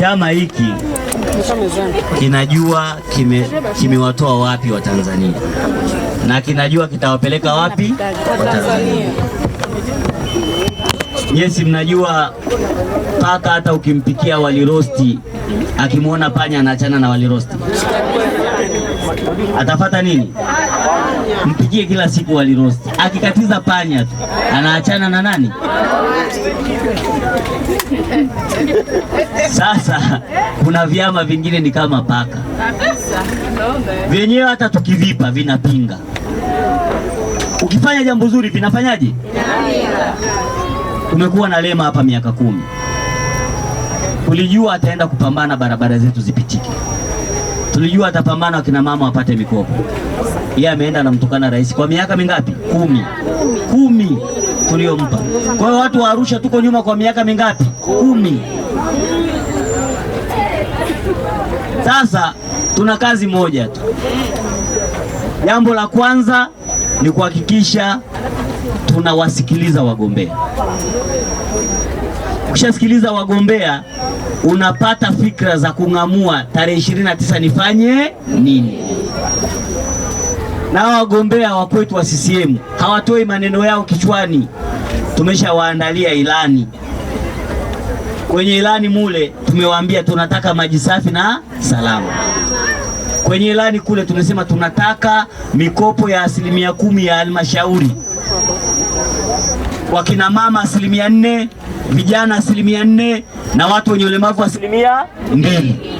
chama hiki kinajua kimewatoa kime wapi Watanzania na kinajua kitawapeleka wapi Tanzania. Nyesi, mnajua paka hata ukimpikia walirosti, akimwona panya anaachana na walirosti, atafata nini? mpigie kila siku wali roast. Akikatiza panya tu anaachana na nani? Sasa kuna vyama vingine ni kama paka vyenyewe, hata tukivipa vinapinga. Ukifanya jambo zuri vinafanyaje? Umekuwa na Lema hapa miaka kumi, tulijua ataenda kupambana barabara zetu zipitike, tulijua atapambana wakina mama wapate mikopo yeye ameenda anamtukana rais kwa miaka mingapi? Kumi, kumi tuliompa. Kwa hiyo watu wa Arusha tuko nyuma kwa miaka mingapi? Kumi. Sasa tuna kazi moja tu. Jambo la kwanza ni kuhakikisha tunawasikiliza wagombea. Ukishasikiliza wagombea unapata fikra za kung'amua tarehe 29 nifanye nini na wagombea wa kwetu wa CCM hawatoi maneno yao kichwani, tumeshawaandalia ilani. Kwenye ilani mule tumewaambia tunataka maji safi na salama. Kwenye ilani kule tumesema tunataka mikopo ya asilimia kumi ya halmashauri, wakina mama asilimia nne, vijana asilimia nne na watu wenye ulemavu asilimia mbili.